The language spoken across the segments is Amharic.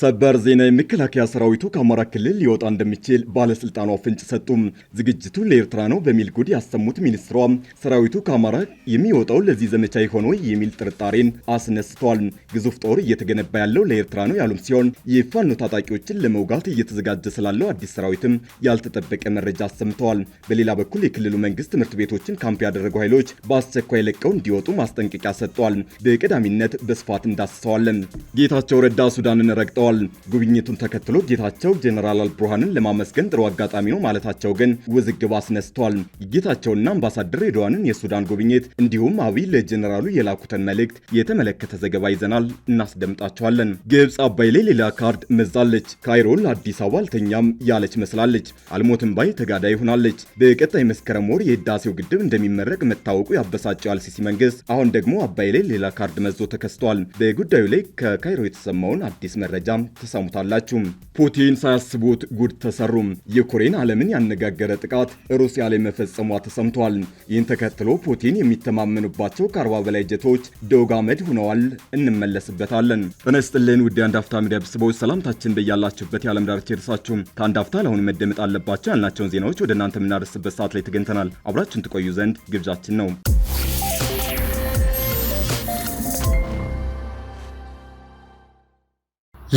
ሰበር ዜና የመከላከያ ሰራዊቱ ከአማራ ክልል ሊወጣ እንደሚችል ባለስልጣኗ ፍንጭ ሰጡም። ዝግጅቱ ለኤርትራ ነው በሚል ጉድ ያሰሙት ሚኒስትሯ ሰራዊቱ ከአማራ የሚወጣው ለዚህ ዘመቻ የሆነ የሚል ጥርጣሬን አስነስቷል። ግዙፍ ጦር እየተገነባ ያለው ለኤርትራ ነው ያሉም ሲሆን የፋኖ ታጣቂዎችን ለመውጋት እየተዘጋጀ ስላለው አዲስ ሰራዊትም ያልተጠበቀ መረጃ አሰምተዋል። በሌላ በኩል የክልሉ መንግስት ትምህርት ቤቶችን ካምፕ ያደረጉ ኃይሎች በአስቸኳይ ለቀው እንዲወጡ ማስጠንቀቂያ ሰጥቷል። በቀዳሚነት በስፋት እንዳስሰዋለን። ጌታቸው ረዳ ሱዳንን ረግጠዋል። ተናግረዋል። ጉብኝቱን ተከትሎ ጌታቸው ጄኔራል አልቡርሃንን ለማመስገን ጥሩ አጋጣሚ ነው ማለታቸው ግን ውዝግብ አስነስተዋል። ጌታቸውና አምባሳደር ሬድዋንን የሱዳን ጉብኝት እንዲሁም አብይ ለጄኔራሉ የላኩትን መልእክት የተመለከተ ዘገባ ይዘናል፣ እናስደምጣቸዋለን። ግብፅ አባይ ላይ ሌላ ካርድ መዛለች። ካይሮ ለአዲስ አበባ አልተኛም ያለች መስላለች። አልሞትም ባይ ተጋዳይ ሆናለች። በቀጣይ መስከረም ወር የህዳሴው ግድብ እንደሚመረቅ መታወቁ ያበሳጨው አልሲሲ መንግስት አሁን ደግሞ አባይ ላይ ሌላ ካርድ መዞ ተከስቷል። በጉዳዩ ላይ ከካይሮ የተሰማውን አዲስ መረጃ ተሰሙታላችሁ ፑቲን ሳያስቡት ጉድ ተሰሩ። የዩክሬን ዓለምን ያነጋገረ ጥቃት ሩሲያ ላይ መፈጸሟ ተሰምቷል። ይህን ተከትሎ ፑቲን የሚተማመኑባቸው ከአርባ በላይ ጀቶች ደወግ አመድ ሆነዋል። እንመለስበታለን። ጤና ይስጥልኝ ውድ አንድ አፍታ ሚዲያ ቤተሰቦች፣ ሰላምታችን በያላችሁበት የዓለም ዳርቻ ይድረሳችሁ። ከአንድ አፍታ ለአሁኑ መደመጥ አለባቸው ያልናቸውን ዜናዎች ወደ እናንተ የምናደርስበት ሰዓት ላይ ተገኝተናል። አብራችሁን ትቆዩ ዘንድ ግብዣችን ነው።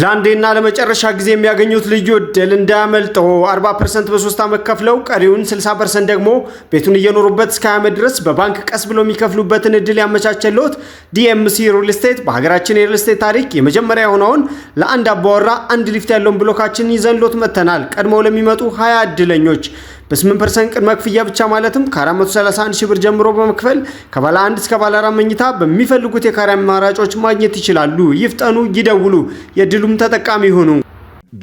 ለአንዴና ለመጨረሻ ጊዜ የሚያገኙት ልዩ እድል እንዳያመልጠው 40% በሶስት ዓመት ከፍለው ቀሪውን 60% ደግሞ ቤቱን እየኖሩበት እስከ ዓመት ድረስ በባንክ ቀስ ብሎ የሚከፍሉበትን እድል ያመቻቸልዎት ዲኤምሲ ሪል ስቴት በሀገራችን የሪል ስቴት ታሪክ የመጀመሪያ የሆነውን ለአንድ አባወራ አንድ ሊፍት ያለውን ብሎካችን ይዘንሎት መጥተናል። ቀድመው ለሚመጡ 20 እድለኞች በ8 ቅድመ ክፍያ ብቻ ማለትም ከ431 ሺህ ብር ጀምሮ በመክፈል ከባለ 1 እስከ ባለ 4 መኝታ በሚፈልጉት የካሬ አማራጮች ማግኘት ይችላሉ። ይፍጠኑ፣ ይደውሉ፣ የድሉም ተጠቃሚ ይሁኑ።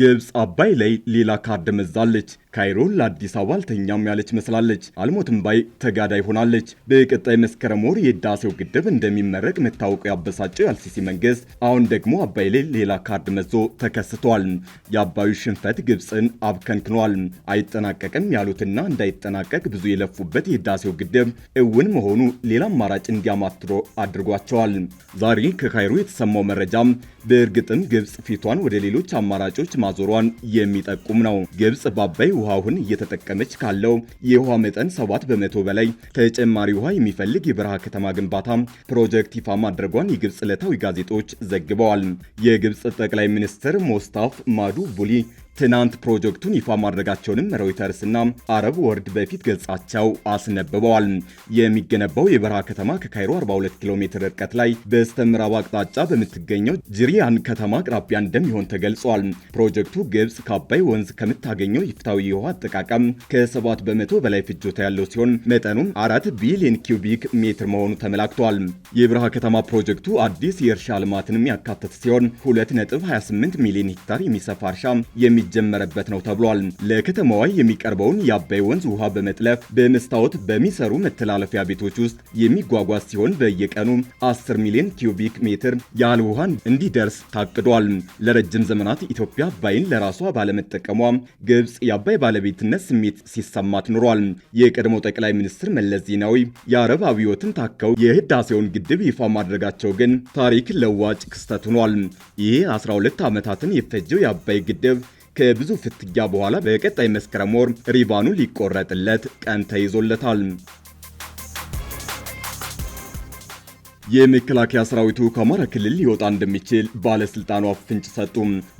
ግብጽ አባይ ላይ ሌላ ካርድ መዛለች። ካይሮ ለአዲስ አበባ አልተኛም ያለች መስላለች። አልሞትም ባይ ተጋዳይ ሆናለች። በቀጣይ መስከረም ወር የህዳሴው ግድብ እንደሚመረቅ መታወቁ ያበሳጨው የአልሲሲ መንግስት አሁን ደግሞ አባይ ላይ ሌላ ካርድ መዞ ተከስቷል። የአባዩ ሽንፈት ግብፅን አብከንክኗል። አይጠናቀቅም ያሉትና እንዳይጠናቀቅ ብዙ የለፉበት የህዳሴው ግድብ እውን መሆኑ ሌላ አማራጭ እንዲያማትሮ አድርጓቸዋል። ዛሬ ከካይሮ የተሰማው መረጃም በእርግጥም ግብፅ ፊቷን ወደ ሌሎች አማራጮች ማዞሯን የሚጠቁም ነው። ግብፅ በአባይ ውሃ እየተጠቀመች ካለው የውሃ መጠን 7 በመቶ በላይ ተጨማሪ ውሃ የሚፈልግ የበረሃ ከተማ ግንባታ ፕሮጀክት ይፋ ማድረጓን የግብፅ ዕለታዊ ጋዜጦች ዘግበዋል። የግብፅ ጠቅላይ ሚኒስትር ሞስታፍ ማዱ ቡሊ ትናንት ፕሮጀክቱን ይፋ ማድረጋቸውንም ሮይተርስ እና አረብ ወርድ በፊት ገጻቸው አስነብበዋል። የሚገነባው የበረሃ ከተማ ከካይሮ 42 ኪሎ ሜትር ርቀት ላይ በስተ ምዕራብ አቅጣጫ በምትገኘው ጅሪያን ከተማ አቅራቢያ እንደሚሆን ተገልጿል። ፕሮጀክቱ ግብጽ ከአባይ ወንዝ ከምታገኘው ይፍታዊ የውሃ አጠቃቀም ከ7 በመቶ በላይ ፍጆታ ያለው ሲሆን መጠኑም አራት ቢሊዮን ኪዩቢክ ሜትር መሆኑ ተመላክቷል። የበረሃ ከተማ ፕሮጀክቱ አዲስ የእርሻ ልማትንም ያካተተ ሲሆን 2.28 ሚሊዮን ሄክታር የሚሰፋ እርሻ የሚ የተጀመረበት ነው ተብሏል። ለከተማዋ የሚቀርበውን የአባይ ወንዝ ውሃ በመጥለፍ በመስታወት በሚሰሩ መተላለፊያ ቤቶች ውስጥ የሚጓጓዝ ሲሆን በየቀኑ 10 ሚሊዮን ኪዩቢክ ሜትር ያህል ውሃ እንዲደርስ ታቅዷል። ለረጅም ዘመናት ኢትዮጵያ አባይን ለራሷ ባለመጠቀሟ ግብፅ የአባይ ባለቤትነት ስሜት ሲሰማት ኑሯል። የቀድሞ ጠቅላይ ሚኒስትር መለስ ዜናዊ የአረብ አብዮትን ታከው የህዳሴውን ግድብ ይፋ ማድረጋቸው ግን ታሪክ ለዋጭ ክስተት ሆኗል። ይህ 12 ዓመታትን የፈጀው የአባይ ግድብ ከብዙ ፍትጊያ በኋላ በቀጣይ መስከረም ወር ሪቫኑ ሊቆረጥለት ቀን ተይዞለታል። የመከላከያ ሰራዊቱ ከአማራ ክልል ሊወጣ እንደሚችል ባለስልጣኗ ፍንጭ ሰጡ።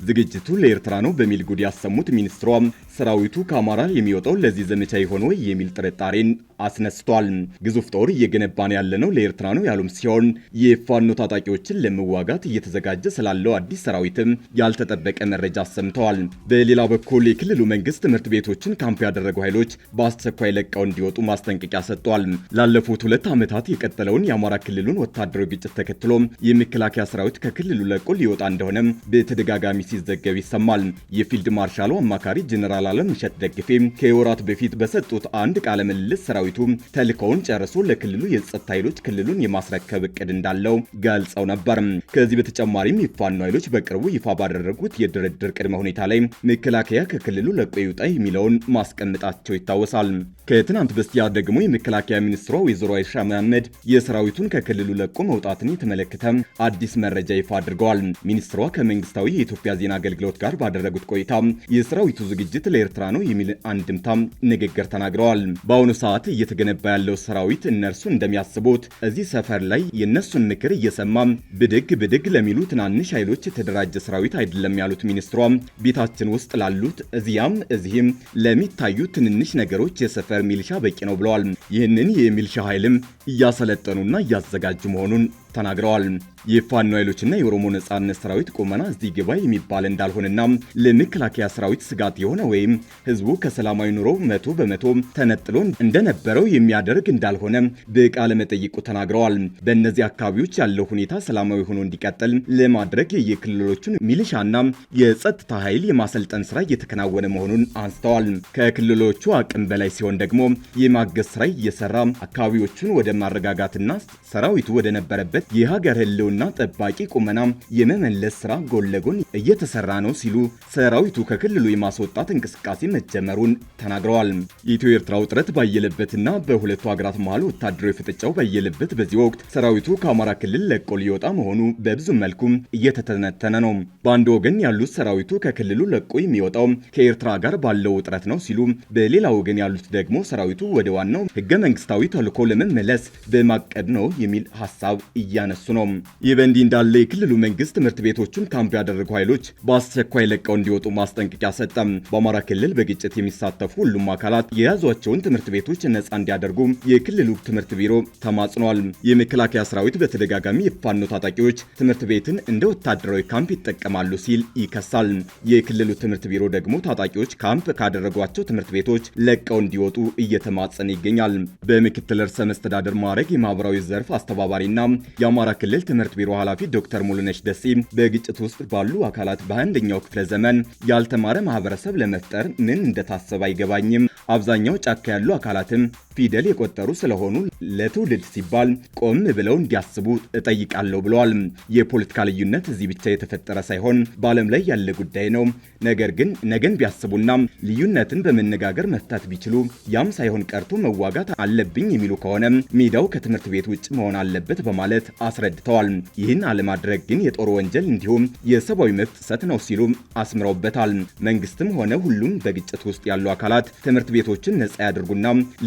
ዝግጅቱ ለኤርትራ ነው በሚል ጉድ ያሰሙት ሚኒስትሯ ሰራዊቱ ከአማራ የሚወጣው ለዚህ ዘመቻ ወይ የሚል ጥርጣሬን አስነስቷል። ግዙፍ ጦር እየገነባን ያለነው ለኤርትራ ነው ያሉም ሲሆን የፋኖ ታጣቂዎችን ለመዋጋት እየተዘጋጀ ስላለው አዲስ ሰራዊትም ያልተጠበቀ መረጃ አሰምተዋል። በሌላ በኩል የክልሉ መንግስት ትምህርት ቤቶችን ካምፕ ያደረጉ ኃይሎች በአስቸኳይ ለቀው እንዲወጡ ማስጠንቀቂያ ሰጥቷል። ላለፉት ሁለት ዓመታት የቀጠለውን የአማራ ክልሉን ወታ ወታደራዊ ግጭት ተከትሎ የመከላከያ ሰራዊት ከክልሉ ለቆ ሊወጣ እንደሆነ በተደጋጋሚ ሲዘገብ ይሰማል። የፊልድ ማርሻሉ አማካሪ ጀኔራል አለም እሸት ደግፌ ከወራት በፊት በሰጡት አንድ ቃለ ምልልስ ሰራዊቱ ተልእኮውን ጨርሶ ለክልሉ የጸጥታ ኃይሎች ክልሉን የማስረከብ እቅድ እንዳለው ገልጸው ነበር። ከዚህ በተጨማሪም የፋኖ ኃይሎች በቅርቡ ይፋ ባደረጉት የድርድር ቅድመ ሁኔታ ላይ መከላከያ ከክልሉ ለቆ ይውጣ የሚለውን ማስቀመጣቸው ይታወሳል። ከትናንት በስቲያ ደግሞ የመከላከያ ሚኒስትሯ ወይዘሮ አይሻ መሐመድ የሰራዊቱን ከክልሉ ለ ለቆ መውጣትን የተመለከተ አዲስ መረጃ ይፋ አድርገዋል። ሚኒስትሯ ከመንግስታዊ የኢትዮጵያ ዜና አገልግሎት ጋር ባደረጉት ቆይታ የሰራዊቱ ዝግጅት ለኤርትራ ነው የሚል አንድምታ ንግግር ተናግረዋል። በአሁኑ ሰዓት እየተገነባ ያለው ሰራዊት እነርሱ እንደሚያስቡት እዚህ ሰፈር ላይ የእነሱን ምክር እየሰማ ብድግ ብድግ ለሚሉ ትናንሽ ኃይሎች የተደራጀ ሰራዊት አይደለም ያሉት ሚኒስትሯ ቤታችን ውስጥ ላሉት እዚያም እዚህም ለሚታዩ ትንንሽ ነገሮች የሰፈር ሚልሻ በቂ ነው ብለዋል። ይህንን የሚልሻ ኃይልም እያሰለጠኑና እያዘጋጁ 모는 ተናግረዋል። የፋኖ ኃይሎችና የኦሮሞ ነጻነት ሰራዊት ቁመና እዚህ ግባ የሚባል እንዳልሆነና ለመከላከያ ሰራዊት ስጋት የሆነ ወይም ህዝቡ ከሰላማዊ ኑሮ መቶ በመቶ ተነጥሎ እንደነበረው የሚያደርግ እንዳልሆነ በቃለ መጠይቁ ተናግረዋል። በእነዚህ አካባቢዎች ያለው ሁኔታ ሰላማዊ ሆኖ እንዲቀጥል ለማድረግ የክልሎቹን ሚሊሻና የጸጥታ ኃይል የማሰልጠን ስራ እየተከናወነ መሆኑን አንስተዋል። ከክልሎቹ አቅም በላይ ሲሆን ደግሞ የማገዝ ስራ እየሰራ አካባቢዎቹን ወደ ማረጋጋትና ሰራዊቱ ወደነበረበት በማለት የሀገር ህልውና ጠባቂ ቁመና የመመለስ ስራ ጎን ለጎን እየተሰራ ነው ሲሉ ሰራዊቱ ከክልሉ የማስወጣት እንቅስቃሴ መጀመሩን ተናግረዋል። የኢትዮ ኤርትራ ውጥረት ባየለበትና በሁለቱ ሀገራት መሀል ወታደራዊ ፍጥጫው ባየለበት በዚህ ወቅት ሰራዊቱ ከአማራ ክልል ለቆ ሊወጣ መሆኑ በብዙ መልኩ እየተተነተነ ነው። በአንድ ወገን ያሉት ሰራዊቱ ከክልሉ ለቆ የሚወጣው ከኤርትራ ጋር ባለው ውጥረት ነው ሲሉ፣ በሌላ ወገን ያሉት ደግሞ ሰራዊቱ ወደ ዋናው ህገ መንግስታዊ ተልዕኮ ለመመለስ በማቀድ ነው የሚል ሀሳብ እያነሱ ነው። ይህ በእንዲህ እንዳለ የክልሉ መንግስት ትምህርት ቤቶቹን ካምፕ ያደረጉ ኃይሎች በአስቸኳይ ለቀው እንዲወጡ ማስጠንቀቂያ ሰጠ። በአማራ ክልል በግጭት የሚሳተፉ ሁሉም አካላት የያዟቸውን ትምህርት ቤቶች ነጻ እንዲያደርጉ የክልሉ ትምህርት ቢሮ ተማጽኗል። የመከላከያ ሰራዊት በተደጋጋሚ የፋኖ ታጣቂዎች ትምህርት ቤትን እንደ ወታደራዊ ካምፕ ይጠቀማሉ ሲል ይከሳል። የክልሉ ትምህርት ቢሮ ደግሞ ታጣቂዎች ካምፕ ካደረጓቸው ትምህርት ቤቶች ለቀው እንዲወጡ እየተማጸነ ይገኛል። በምክትል ርዕሰ መስተዳደር ማዕረግ የማህበራዊ ዘርፍ አስተባባሪና የአማራ ክልል ትምህርት ቢሮ ኃላፊ ዶክተር ሙሉነሽ ደሴ በግጭት ውስጥ ባሉ አካላት በአንደኛው ክፍለ ዘመን ያልተማረ ማህበረሰብ ለመፍጠር ምን እንደታሰበ አይገባኝም። አብዛኛው ጫካ ያሉ አካላትም ፊደል የቆጠሩ ስለሆኑ ለትውልድ ሲባል ቆም ብለው እንዲያስቡ እጠይቃለሁ ብለዋል። የፖለቲካ ልዩነት እዚህ ብቻ የተፈጠረ ሳይሆን በዓለም ላይ ያለ ጉዳይ ነው። ነገር ግን ነገን ቢያስቡና ልዩነትን በመነጋገር መፍታት ቢችሉ ያም ሳይሆን ቀርቶ መዋጋት አለብኝ የሚሉ ከሆነ ሜዳው ከትምህርት ቤት ውጭ መሆን አለበት በማለት አስረድተዋል። ይህን አለማድረግ ግን የጦር ወንጀል እንዲሁም የሰብአዊ መብት ጥሰት ነው ሲሉ አስምረውበታል። መንግስትም ሆነ ሁሉም በግጭት ውስጥ ያሉ አካላት ትምህርት ቤቶችን ነጻ ያድርጉና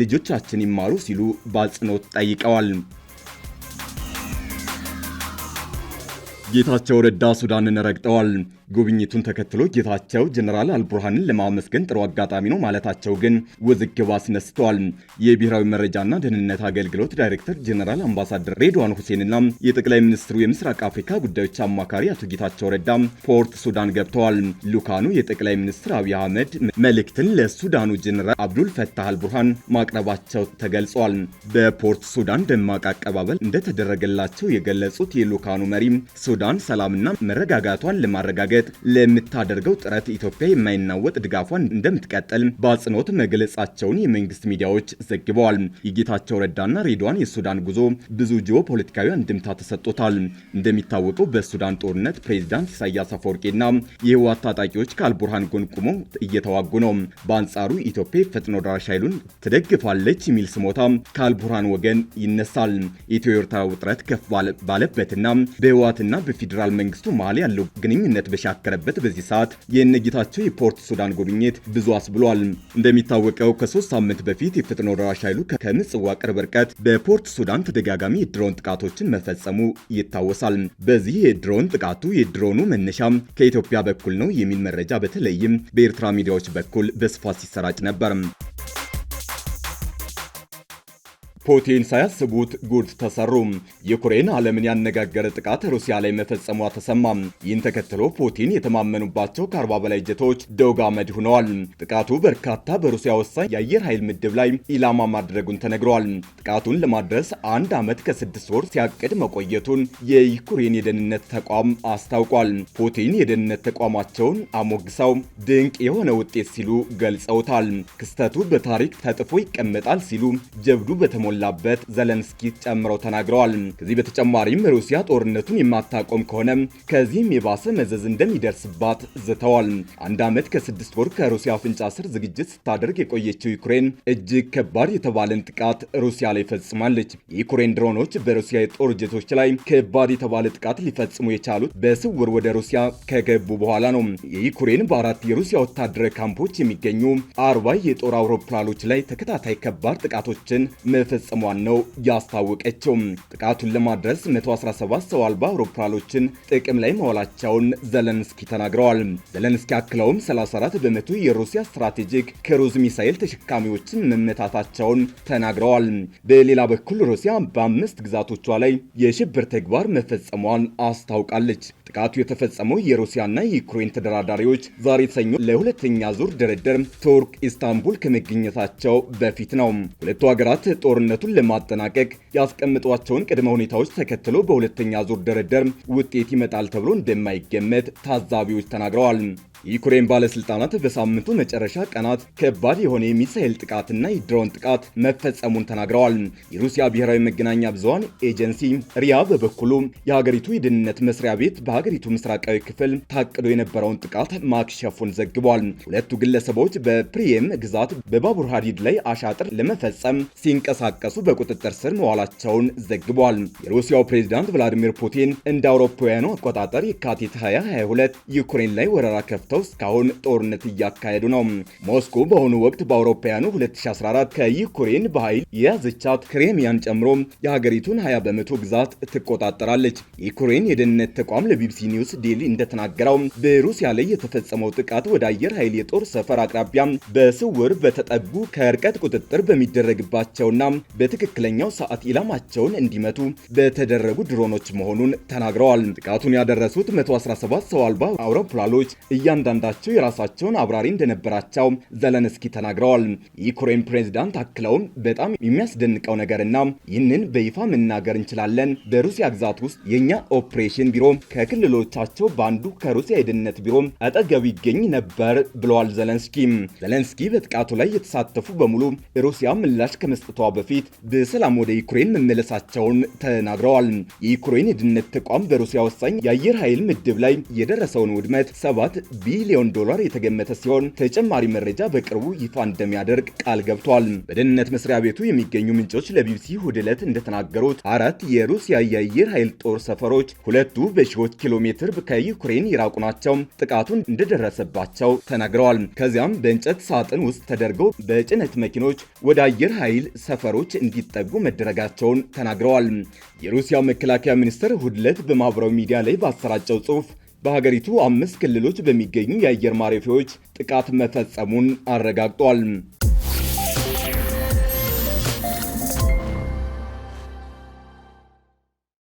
ልጆቻ ልጆቻችን ይማሩ ሲሉ በአጽንኦት ጠይቀዋል። ጌታቸው ረዳ ሱዳንን ረግጠዋል። ጉብኝቱን ተከትሎ ጌታቸው ጀነራል አልቡርሃንን ለማመስገን ጥሩ አጋጣሚ ነው ማለታቸው ግን ውዝግብ አስነስተዋል። የብሔራዊ መረጃና ደህንነት አገልግሎት ዳይሬክተር ጀነራል አምባሳደር ሬድዋን ሁሴንና የጠቅላይ ሚኒስትሩ የምስራቅ አፍሪካ ጉዳዮች አማካሪ አቶ ጌታቸው ረዳ ፖርት ሱዳን ገብተዋል። ሉካኑ የጠቅላይ ሚኒስትር አብይ አህመድ መልእክትን ለሱዳኑ ጀነራል አብዱል ፈታህ አልቡርሃን ማቅረባቸው ተገልጿል። በፖርት ሱዳን ደማቅ አቀባበል እንደተደረገላቸው የገለጹት የሉካኑ መሪ ሱዳን ሱዳን ሰላምና መረጋጋቷን ለማረጋገጥ ለምታደርገው ጥረት ኢትዮጵያ የማይናወጥ ድጋፏን እንደምትቀጥል በአጽንኦት መግለጻቸውን የመንግስት ሚዲያዎች ዘግበዋል። የጌታቸው ረዳና ሬድዋን የሱዳን ጉዞ ብዙ ጂኦ ፖለቲካዊ አንድምታ ተሰጥቶታል። እንደሚታወቀው በሱዳን ጦርነት ፕሬዚዳንት ኢሳያስ አፈወርቂና የህወሓት ታጣቂዎች ከአልቡርሃን ጎን ቆመው እየተዋጉ ነው። በአንጻሩ ኢትዮጵያ ፈጥኖ ደራሽ ኃይሉን ትደግፋለች የሚል ስሞታ ከአልቡርሃን ወገን ይነሳል። ኢትዮ ኤርትራ ውጥረት ከፍ ባለበትና በህወሓትና በፌዴራል መንግስቱ መሀል ያለው ግንኙነት በሻከረበት በዚህ ሰዓት የእነ ጌታቸው የፖርት ሱዳን ጉብኝት ብዙ አስብሏል። እንደሚታወቀው ከሶስት ሳምንት በፊት የፈጥኖ ደራሽ ኃይሉ ከምጽዋ ቅርብ ርቀት በፖርት ሱዳን ተደጋጋሚ የድሮን ጥቃቶችን መፈጸሙ ይታወሳል። በዚህ የድሮን ጥቃቱ የድሮኑ መነሻ ከኢትዮጵያ በኩል ነው የሚል መረጃ በተለይም በኤርትራ ሚዲያዎች በኩል በስፋት ሲሰራጭ ነበር። ፑቲን ሳያስቡት ጉድ ተሰሩ። ዩክሬን ዓለምን ያነጋገረ ጥቃት ሩሲያ ላይ መፈጸሟ ተሰማ። ይህን ተከትሎ ፑቲን የተማመኑባቸው ከ40 በላይ ጀቶች ደውጋ መድ ሆነዋል። ጥቃቱ በርካታ በሩሲያ ወሳኝ የአየር ኃይል ምድብ ላይ ኢላማ ማድረጉን ተነግሯል። ጥቃቱን ለማድረስ አንድ ዓመት ከስድስት ወር ሲያቅድ መቆየቱን የዩክሬን የደህንነት ተቋም አስታውቋል። ፑቲን የደህንነት ተቋማቸውን አሞግሰው ድንቅ የሆነ ውጤት ሲሉ ገልጸውታል። ክስተቱ በታሪክ ተጥፎ ይቀመጣል ሲሉ ጀብዱ በተሞላ እንደሞላበት ዘለንስኪ ጨምረው ተናግረዋል። ከዚህ በተጨማሪም ሩሲያ ጦርነቱን የማታቆም ከሆነ ከዚህም የባሰ መዘዝ እንደሚደርስባት ዝተዋል። አንድ ዓመት ከስድስት ወር ከሩሲያ አፍንጫ ስር ዝግጅት ስታደርግ የቆየችው ዩክሬን እጅግ ከባድ የተባለን ጥቃት ሩሲያ ላይ ፈጽማለች። የዩክሬን ድሮኖች በሩሲያ የጦር ጀቶች ላይ ከባድ የተባለ ጥቃት ሊፈጽሙ የቻሉት በስውር ወደ ሩሲያ ከገቡ በኋላ ነው። የዩክሬን በአራት የሩሲያ ወታደራዊ ካምፖች የሚገኙ አርባ የጦር አውሮፕላኖች ላይ ተከታታይ ከባድ ጥቃቶችን መፈጸ መፈጸሟን ነው ያስታወቀችው። ጥቃቱን ለማድረስ 117 ሰው አልባ አውሮፕላኖችን ጥቅም ላይ መዋላቸውን ዘለንስኪ ተናግረዋል። ዘለንስኪ አክለውም 34 በመቶ የሩሲያ ስትራቴጂክ ክሩዝ ሚሳይል ተሸካሚዎችን መመታታቸውን ተናግረዋል። በሌላ በኩል ሩሲያ በአምስት ግዛቶቿ ላይ የሽብር ተግባር መፈጸሟን አስታውቃለች። ጥቃቱ የተፈጸመው የሩሲያና የዩክሬን ተደራዳሪዎች ዛሬ ሰኞ ለሁለተኛ ዙር ድርድር ቱርክ ኢስታንቡል ከመገኘታቸው በፊት ነው። ሁለቱ ሀገራት ጦርነት ስምምነቱን ለማጠናቀቅ ያስቀምጧቸውን ቅድመ ሁኔታዎች ተከትሎ በሁለተኛ ዙር ድርድር ውጤት ይመጣል ተብሎ እንደማይገመት ታዛቢዎች ተናግረዋል። የዩክሬን ባለስልጣናት በሳምንቱ መጨረሻ ቀናት ከባድ የሆነ የሚሳኤል ጥቃትና የድሮን ጥቃት መፈጸሙን ተናግረዋል። የሩሲያ ብሔራዊ መገናኛ ብዙሃን ኤጀንሲ ሪያ በበኩሉ የሀገሪቱ የደህንነት መስሪያ ቤት በሀገሪቱ ምስራቃዊ ክፍል ታቅዶ የነበረውን ጥቃት ማክሸፉን ዘግቧል። ሁለቱ ግለሰቦች በፕሪየም ግዛት በባቡር ሀዲድ ላይ አሻጥር ለመፈጸም ሲንቀሳቀሱ በቁጥጥር ስር መዋላ መያዛቸውን ዘግቧል። የሩሲያው ፕሬዚዳንት ቭላዲሚር ፑቲን እንደ አውሮፓውያኑ አቆጣጠር የካቲት 2022 ዩክሬን ላይ ወረራ ከፍተው እስካሁን ጦርነት እያካሄዱ ነው። ሞስኮ በአሁኑ ወቅት በአውሮፓውያኑ 2014 ከዩክሬን በኃይል የያዘቻት ክሬሚያን ጨምሮ የሀገሪቱን 20 በመቶ ግዛት ትቆጣጠራለች። የዩክሬን የደህንነት ተቋም ለቢቢሲ ኒውስ ዴሊ እንደተናገረው በሩሲያ ላይ የተፈጸመው ጥቃት ወደ አየር ኃይል የጦር ሰፈር አቅራቢያ በስውር በተጠጉ ከርቀት ቁጥጥር በሚደረግባቸውና በትክክለኛው ሰዓት ኢላማቸውን እንዲመቱ በተደረጉ ድሮኖች መሆኑን ተናግረዋል። ጥቃቱን ያደረሱት 117 ሰው አልባ አውሮፕላኖች እያንዳንዳቸው የራሳቸውን አብራሪ እንደነበራቸው ዘለንስኪ ተናግረዋል። የዩክሬን ፕሬዚዳንት አክለውም በጣም የሚያስደንቀው ነገርና ይህንን በይፋ መናገር እንችላለን፣ በሩሲያ ግዛት ውስጥ የእኛ ኦፕሬሽን ቢሮ ከክልሎቻቸው በአንዱ ከሩሲያ የደህንነት ቢሮ አጠገብ ይገኝ ነበር ብለዋል ዘለንስኪ። ዘለንስኪ በጥቃቱ ላይ የተሳተፉ በሙሉ ሩሲያ ምላሽ ከመስጠቷ በፊት በሰላም ወደ ዩክሬን ዩክሬን መመለሳቸውን ተናግረዋል። የዩክሬን የደህንነት ተቋም በሩሲያ ወሳኝ የአየር ኃይል ምድብ ላይ የደረሰውን ውድመት 7 ቢሊዮን ዶላር የተገመተ ሲሆን ተጨማሪ መረጃ በቅርቡ ይፋ እንደሚያደርግ ቃል ገብቷል። በደህንነት መስሪያ ቤቱ የሚገኙ ምንጮች ለቢቢሲ እሁድ ዕለት እንደተናገሩት አራት የሩሲያ የአየር ኃይል ጦር ሰፈሮች ሁለቱ በሺዎች ኪሎ ሜትር ከዩክሬን ይራቁ ናቸው ጥቃቱን እንደደረሰባቸው ተናግረዋል። ከዚያም በእንጨት ሳጥን ውስጥ ተደርገው በጭነት መኪኖች ወደ አየር ኃይል ሰፈሮች እንዲጠጉ መደረጋቸው መሆናቸውን ተናግረዋል። የሩሲያ መከላከያ ሚኒስትር ሁድለት በማህበራዊ በማኅበራዊ ሚዲያ ላይ ባሰራጨው ጽሑፍ በሀገሪቱ አምስት ክልሎች በሚገኙ የአየር ማረፊያዎች ጥቃት መፈጸሙን አረጋግጧል።